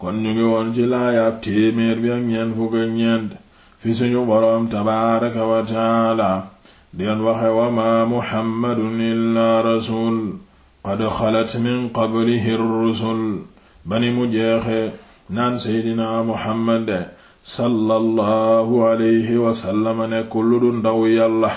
kon ñu ngi woon ci laayaab téeméer bi ak ñeent fukk ak ñeent fi suñu boroom tabaaraka wa taala deen waxe wa maa muhammadun illaa rasul qad xalat min qablihi rusul bani mu jeexe naan seydinaa muhammad sallallahu alayhi wasallama nekkul lu du ndaw yàlla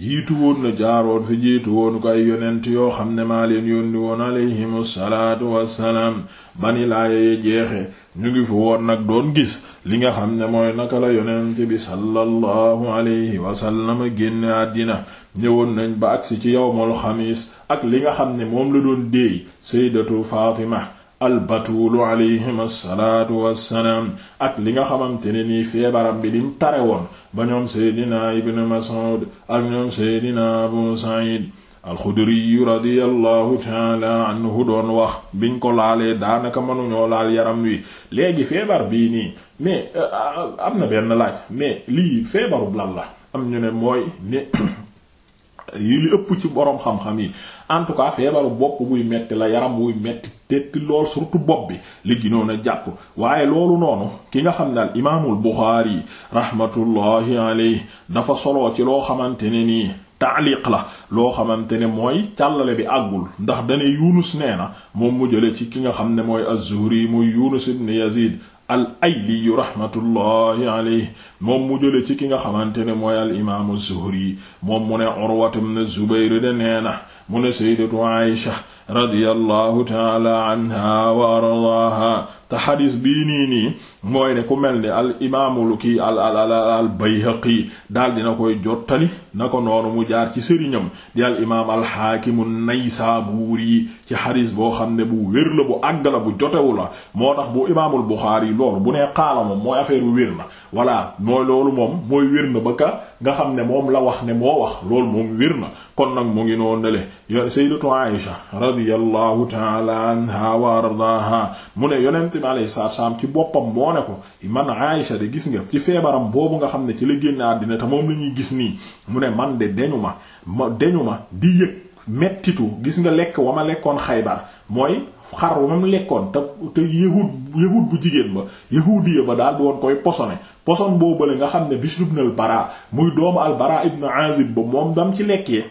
jiitu woon na jaaroon fi jiitu woon ko ay yonent yoo xam ne maa leen yónni woon alayhimu salaatu wassalaam bani laayeye jeexe ñu ngi fi woon nag doon gis li nga xam ne mooy naka la yonent bi sallallahu alayhi wasallama génne àddina ñëwoon nañ ba agsi ci yawmul xamiis ak li nga xam ne moom la doon déey saydatu Faatima albatuulu alayhim wa wassalaam ak li nga xamante ne nii feebaram bi lim tare woon ba ñoom seydina ibn Mas'ud ak ñoom seydina Abu Sa'id alxuduriyu radiyallahu taala anhu doon wax biñ ko laalee daanaka mënuñoo laal yaram wi léegi feebar bii nii mais euh, am na benn laaj mais lii feebarub lan la am ñu ne mooy ne yi li ëpp ci borom xam-xam yi en tout cas feebaru bopp buy metti la yaram wuy metti tekki lool surtout bopp bi li ginoon a jàpp waaye loolu noonu ki nga xam ne al imaamul Buxaari rahmatullahi alayhi dafa solo ci loo xamante ne nii taaliq la loo xamante ne mooy càllale bi àggul ndax dane Yunus nee moom mu jële ci ki nga xam ne mooy az-Zuhri muy Yunus ibn Yazid al ayliyu rahmatullahi alayhi moom mu jële ci ki nga xamante ne mooy al imaamu zuhri moom mu ne urwatu ibn zubayr de nee na mu ne sayyidatu aisha radiyallahu taala anha wa ardaaha te xadis bii nii nii mooy ne ku mel ni al imaamul kii al al al bayhaqi daal dina koy jottali na ko noonu mu jaar ci sëriñam di al imaam al xaakimu naysaabuuri ci xadis boo xam ne bu wér la bu àgg la bu jotewu la moo tax bu imaamul buxaari loolu bu ne xaala moom mooy affaire bu wér na voilà mooy loolu moom mooy wér na ba nga xam ne moom la wax ne moo wax loolu moom wér na kon nag mu ngi noo nele sayyidatu Aisha radiyallahu ta'ala anha wa bi alayhi salaam ci boppam moo ne ko man Aïcha de gis nga ci feebaram boobu nga xam ne ci la génn àddina te moom la ñuy gis nii mu ne man de deñu ma ma deñu ma di yëg mettitu gis nga lekk wa ma lekkoon Xaybar mooy xar wa ma lekkoon te te yahud yahud bu jigéen ba yahudiya ba daal di woon koy posone poson boobale nga xam ne Bishr ibn al muy doomu al-Bara ibn Azib ba moom dam ci lekkee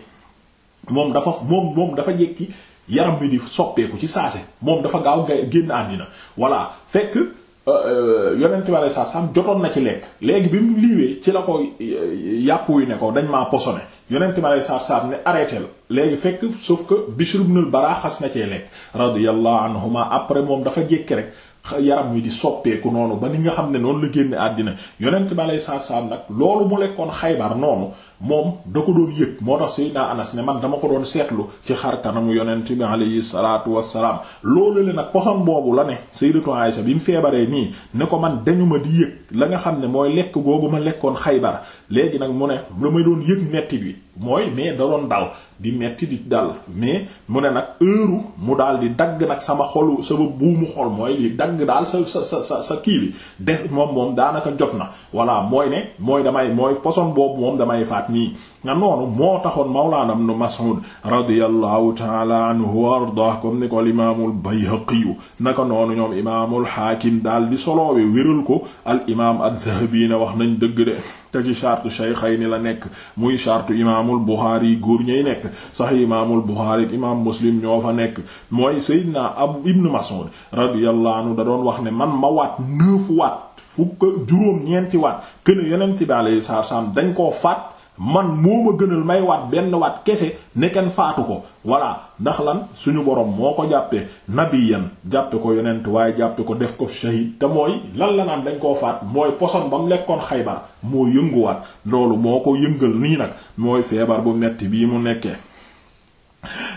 moom dafa moom dafa jekki yaram bi di soppeeku ci si moom dafa gaaw ga génn àddina voilà fekk euh, euh, yonent bi aleyhis salaam jotoon na ci lekk léegi bi mu liiwee ci la ko euh, yàpp yu ne ko dañ maa posone yonent ma aleyhis salaam ne arrêté la léegi fekk sauf que Bishr nul al xas na cee lekk radiyallahu anhuma après moom dafa jékki rek yaram wi di soppeeku noonu ba ni nga xam ne noonu la génne àddina yonent bi aleyhi salaatu salaam nag loolu mu lekkoon xaybar noonu moom da ko doon yëg moo tax Seydina Anas ne man dama ko doon seetlu ci xar kanamu yonent bi aleyhi salaatu wassalaam loolu le nag poxam boobu la ne Sayyidatu Aïsha bi mu feebaree nii ne ko man dañu ma di yëg la nga xam ne mooy lekk googu ma lekkoon xaybar léegi nag mu ne lu may doon yëg metti bi mooy mais da doon dal di metti di dal mais mu ne nag heure mu daal di dagg nag sama xolu sama buumu xol mooy di dagg daal sa sa sa sa sa kii bi def moom moom daanaka jot na voilà mooy ne mooy damay mooy poson boobu moom damay faat nii nga noonu moo taxoon mawlaana ibn Mas'ud radiyallahu taala anhu wa ardah comme ni ko al imaamul Bayhaqi naka noonu ñoom imaamul Haakim daal di soloowe wéral ko al imaam ad-Dhahabi ne wax nañ dëgg de te ci chartu ni la nekk muy chartu imaamul Buxaari góor ñay nekk Sahih imaamul Buxaari imaam Muslim ñoo fa nekk mooy Seydina Abu Ibn Mas'ud radiyallahu anhu da doon wax ne man ma waat neuf waat fukk juróom ñeenti waat kën a yonent bi alayhi salaam dañ koo faat man moo ma gënal may waat benn waat kese ne faatu ko voilà ndax lan suñu borom moo ko jàppee nabiyan jàppe ko yonent waaye jàppee ko def ko shahid te mooy lan la naan dañ koo faat mooy poson ba mu lekkoon xaybar moo yënguwaat loolu moo ko yëngal nii nag mooy feebar bu metti bii mu nekkee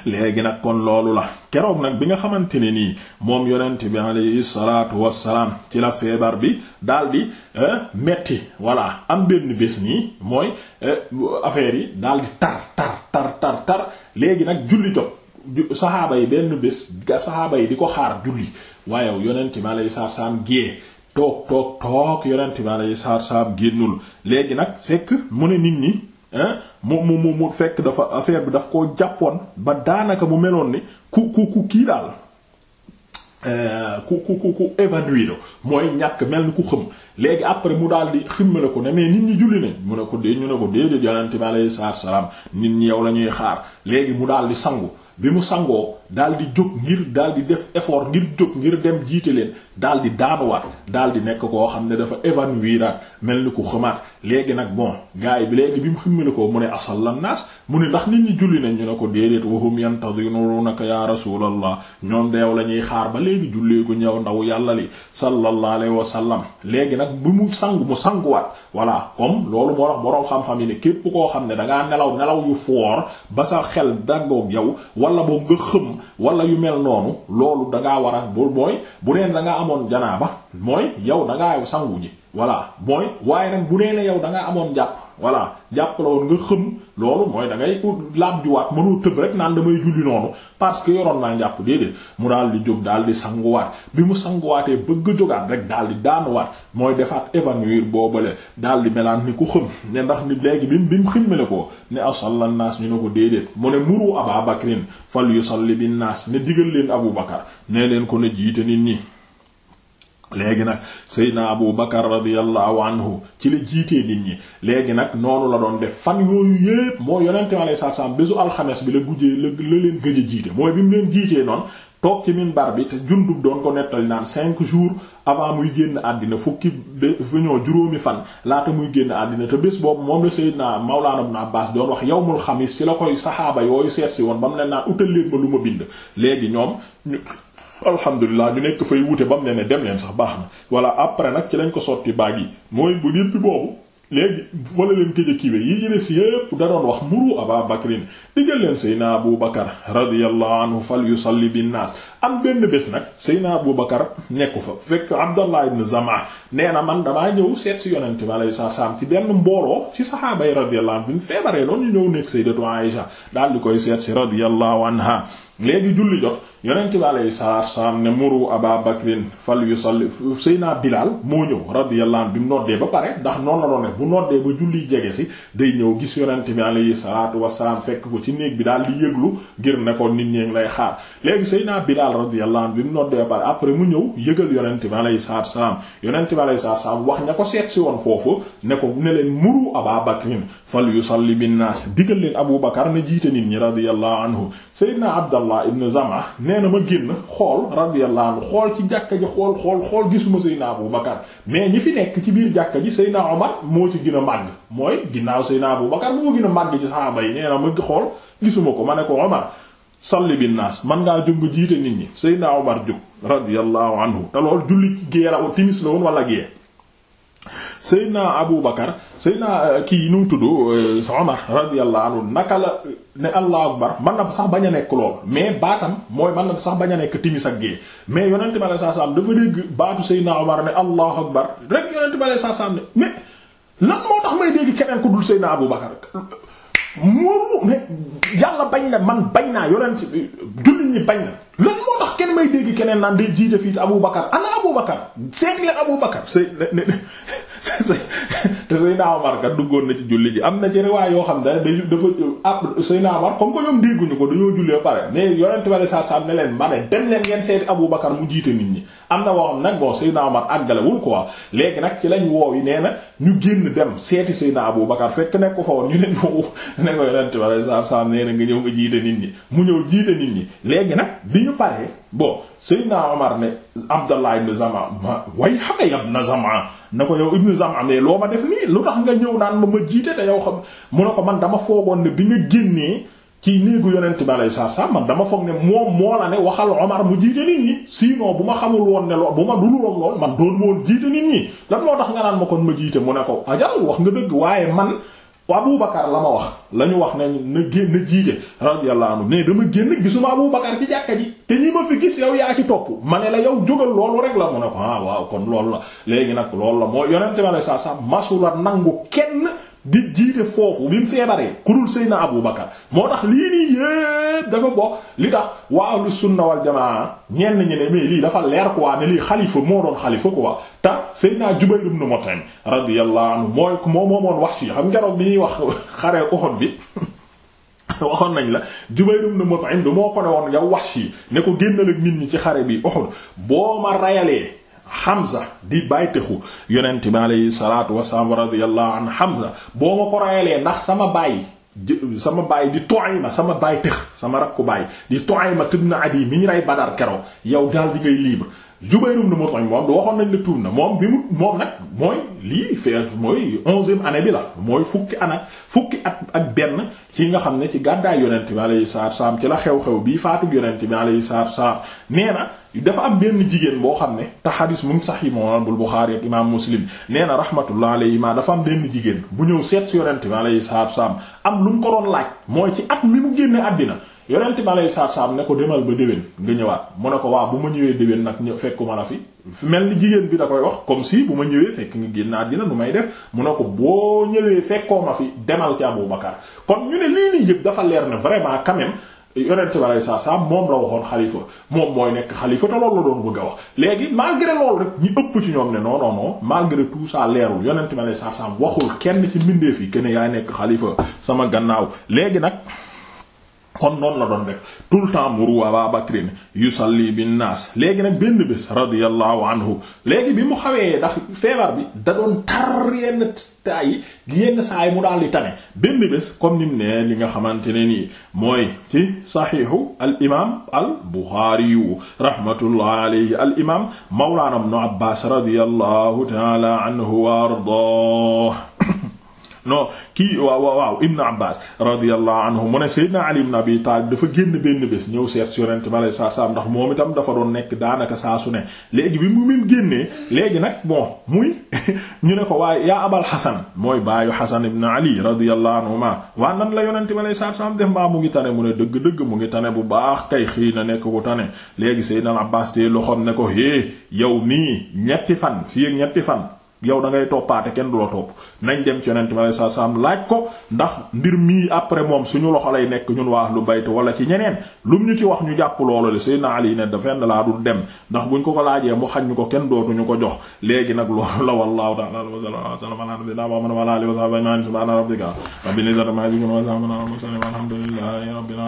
léegi nag kon loolu la keroog nag bi nga xamante ne nii moom yonent bi alayhi salaatu wassalaam ci la feebar bi di eh, metti voilà am benn bés nii mooy eh, affaire yi daldi tar tar tar tar tar léegi nag julli jot saxaaba yi benn bés saxaaba yi di ko xaar julli waaye yonent bi alayhi salaatu wassalaam gée toog toog toog yonent bi alayhi salaatu génnul léegi nag fekk mu ne nit ñi mu mu mu fekk dafa affaire bi daf koo jàppoon ba daanaka bu meloon ni ku ku ku kii daal euh, ku ku ku ku mooy ñàkk mel ni ku xëm léegi après mu daal di ximmale ko ne mais nit ñi julli nañ mu ne ko dee ñu ne ko déedéet yonent bi alayhi salaam nit ñi yow la ñuy xaar léegi mu daal di sangu. bi mu sangoo dal di jóg ngir daal di def effort ngir jóg ngir dem jiite leen daal di daanuwaat daal di nekk koo xam ne dafa évanouiraat mel ni ku xamaat léegi nag bon gars bi léegi bi mu ximmali ko mu ne asal lan naas mu ne ndax nit ñi julli nañ ñu ne ko déedéet wahum yantadinunaka ya rasulallah ñoom de yow la ñuy xaar ba léegi jullee gu ñëw ndaw yàlla li sallallahu alayhi wa sallam léegi nag bu mu sangu mu sanguwaat voilà comme loolu moo tax boroom xam-xam yi ne képp koo xam ne dangaa nelaw nelaw yu foor ba sa xel daggoog yow wala boog nga xëm wala yu mel noonu loolu dangaa war a bu mooy bu neen dangaa amoon ba mooy yow dangaa yow sangu ji voilà mooy waaye bu nee ne yow dangaa amoon jàpp voilà jàpp la woon nga xëm loolu mooy dangay ngay ut laab waat mënoo tëb rek naan damay julli noonu parce que yoroon naa njàpp déedéet mu daal di jóg daal di sanguwaat bi mu sanguwaatee bëgg a jógaat rek daal di daanuwaat mooy defaat évanouir boobale daal di melaan ni ku xëm ne ndax ni léegi bi bi mu ximmale ko ne asalla naas ñu ne ko déedéet mu ne muru Abaa Bakrin fal yusalli bin naas ne digal leen Abu Bakar nee leen ko ne jiite nit nii léegi nag seydna abu bakar radiallahu anhu ci la jiitee nit ñi léegi nag noonu la doon def fan yooyu yépp moo yonente mi alei satu salaam bésu alxemes bi la gujjee la la leen gëj a jiite mooy bi mu leen jiitee noonu toog ci minbar bi te jundub doon ko nettali naan cinq jours avant muy génn àddina fukki ñoo juróomi fan laata muy génn àddina te bés boobu moom la Seydina Mawlaana Ibn Abbaas doon wax yawmul xamis ci la koy saxaaba yooyu seet si woon ba mu ne naan utal leen ma lu ma bind léegi ñoom alhamdulilah ñu nekk fay wute ba mu ne ne dem leen sax baax na voilà après nag ci lañ ko sotti baag yi mooy bu yëppi boobu léegi wala leen géj a kiiwe yi jële si yépp da doon wax muru aba bakrin diggal leen seyna abu bakar fa anhu fal yusalli bi naas am benn bés nag seyna abu bakar nekku fa fekk abdallah ibn zama nee na man damaa ñëw seet si yonent bi alayhi salaam ci benn mbooloo ci saxaaba yi radiyallahu anhu bi mu feebaree noonu ñu ñëw nekk sayyidatu Aisha daal di koy seet si radiyallahu anha léegi julli jot yonent bi alayhi salaam ne muru Aba Bakrin fal yusalli Seyna Bilal moo ñëw radiyallahu anhu bi mu noddee ba pare ndax noonu la doon ne bu noddee ba julli jege si day ñëw gis yonent bi alayhi salaatu wasalaam fekk ko ci néeg bi daal di yëglu ngir ne ko nit ñee lay xaar léegi Seyna Bilal radiyallahu anhu bi mu noddee ba pare après mu ñëw yëgal yonent bi alayhi salaatu wasalaam alayhi salaam wax ña ko seet si woon foofu ne ko ne leen muru Abaa Bakrin fal yusalli bin naas digal leen Abu Bakar ne jiite nit ñi radiyallahu anhu Seydina Abdallah ibn Zama nee na ma génn xool radiyallahu anhu xool ci jàkka ji xool xool xool gisuma Seydina Abu Bakar mais ñi fi nekk ci biir jàkka ji Seydina Omar moo ci gën a màgg mooy ginnaaw Seydina Abu Bakar moo gën a màgg ci saxaaba yi nee ma xool gisuma ko ma ne ko Omar salli bin naas man ngaa jung jiite nit ñi radiyallahu anhu te loolu julli gée la timis la woon wala gée Seydina Abu Bakar Seydina euh, kii nu mu tudd euh, Omar radiyallahu anhu naka la ne allahu akbar man na sax bañ a nekk lool mais baatam mooy man na sax bañ a nekk timis ak gée mais yonent bi alayhi am dafa dégg baatu Seydina Omar ne allahu akbar rek yonent bi alayhi salaam ne mais lan moo tax may dégg keneen ku dul Seydina Abu Bakar moomu ne yàlla bañ na man bañ naa yonent jullit ñi bañ na ngeen may dégg keneen naan day jiite fii Abu Bakar ana Abu Bakar seet leen Abu Bakar sëy te Seydina Omar kat duggoon na ci julli ji am na ci riwaay yoo xam ne day dafa ab ah, naa Omar comme que ñoom dégguñu ko dañoo jullee pare mais yonent bi sallallahu alayhi wasallam ne leen ma ne dem leen ngeen seeti Abu Bakar mu jiite nit ñi am na woo xam nag bon Seydina Omar àggalewul quoi léegi nag ci lañ woow yi nee na ñu génn dem seeti Seydina bu Bakar fekk nekk ko fa woon ñu ne ñu ne ko yonent bi alayhi salaatu salaam nee na nga ñëw nga jiite nit ñi mu ñëw jiite nit ñi léegi nag bi ñu paree boo Seydina Omar ne Abdallah ibn Zama ma way xaka na Zama na ko yow ibn Zama mais loo ma def nii lu tax nga ñëw naan ma ma jiite te yow xam mu ne ko man dama foogoon ne bi nga génnee ci néegu yonent bi aleyhi salaatu man dama foog ne moom moo la ne waxal Omar mu jiite nit ñi sinon bu ma xamul woon ne lool bu ma dul woon lool man doon woon jiite nit ñi lan moo tax nga naan kon ma jiite mu ne ko ajal wax nga waaye man Abubakar la ma wax la ñu wax ne na génn jiite radiyallahu anhu ne dama génn gisuma Abubakar ci jàkka bi te ñi ma fi gis yow yaa ci topp ma ne la yow jógal loolu rek la mu ne ko ah waaw kon loolu la léegi nag loolu la moo yonent bi aleyhi salaatu salaam masula nangu kenn. di jiite foofu bi mu ku dul Seydina Abu Bakar moo tax lii nii yépp dafa bokk li tax waa ahlu sunna wal jamaa ñenn ñi ne mais lii dafa leer quoi ne lii xalifa moo doon xalifa quoi te Seydina Jubayr ibn Mut'im radiyallahu anhu mooy moo moomoon wax ci xam ngeroog bi ñuy wax xaree Uhud bi waxoon nañ la Jubayr ibn Mut'im du moo ko ne woon yow wax ci ne ko génnal ak nit ñi ci xare bi Uhud boo ma rayalee Hamza di bàytexu yonent bi aleyhi salatu wasalaam wa radiyallahu an Hamza boo ma ko rayalee ndax sama baay sama baay di ma sama baay tëx sama rakku baay di Tuayma ibn Adi mi ñu rey Badar keroog yow daal di ngay libre Jubayr ibn Mut'im moom du waxoon nañ la tuub na moom bi mu moom nag mooy lii fees mooy onzième année bi la mooy fukki an ak fukki at ak benn ci nga xam ne ci gàddaay yonent bi alayhi salaatu salaam ci la xew-xew bii faatug yonent bi alayhi salaatu salaam nee na dafa am benn jigéen boo xam ne te xadis mu sax yi moom bul Buxaari ak imaam Muslim nee na rahmatullah alayhi ma dafa am benn jigéen bu ñëw seet si yonent bi alayhi salaatu salaam am lu mu ko doon laaj mooy ci at mi mu génne àddina yonent ma lay saat saam ne ko demal ba déwén nga ñëwaat mu ne ko waa bu ma ñëwee déwén nag ñëw fekkuma la fi mel ni jigéen bi da koy comme si bu ma ñëwee fekk nga génn àddina nu may def mu ne ko boo ñëwee fekkoo ma fi demal ci Abu Bakar kon ñu dafa leer ne vraiment quand même yonent bi alei sat salaam xalifa moom mooy nekk xalifa te loolu la doon bëgg a léegi malgré loolu rek ëpp ci ñoom ne non non non malgré tout ça leerul yonent bi alei sat salaam waxul kenn ci mbindeef yi que ne yaay nekk xalifa sama gannaaw léegi nag kon noonu la doon def tout le temps muru Abaa Bakrin yusalli bin naas léegi nag benn bés radiyallahu anhu léegi bi mu xawee ndax feebar bi da doon tar yenn saa yi yenn saa yi mu daal di tane benn bés comme ni mu ne li nga xamante ne nii mooy ci saxiixu al imaam al Buxaari rahmatullahi alayhi al imaam mawlaana ibnu Abbaas radiyallahu ta'ala anhu wa ardaahu non kii waaw waaw waaw Ibn Abbas radiyallahu anhu mu ne Seydina Ali ibn Abi Talib dafa génn benn bés ñëw seet si yonent ma lay saa saam ndax moom itam dafa doon nekk daanaka saa su ne léegi bi mu mën génnee léegi nag bon muy ñu ne ko waaye yaa Abal Hasan mooy baayu Hasan ibn Ali radiyallahu anhuma waa nan la yonent ma lay saa saam def mbaa mu ngi tane mu ne dëgg-dëgg mu ngi tane bu baax kay xii na nekk ku tane léegi Seydina Abbas te loo xam ne ko hee yow nii ñetti fan fii ak ñetti fan. yow da ngay toppaate kenn du la topp nañ dem ci yonent bi laaj ko ndax mbir mii après moom suñu loxo lay nekk ñun waa lu baytu wala ci ñeneen lum ñu ci wax ñu jàpp loolu le Seydina Ali ne dafa fenn laa dul dem ndax buñ ko ko laajee mu xañ ñu ko kenn ñu ko jox léegi nag loolu la wallahu ta'ala wa sallam ala nabiyyina Muhammad al mursalin walhamdulillahi rabbil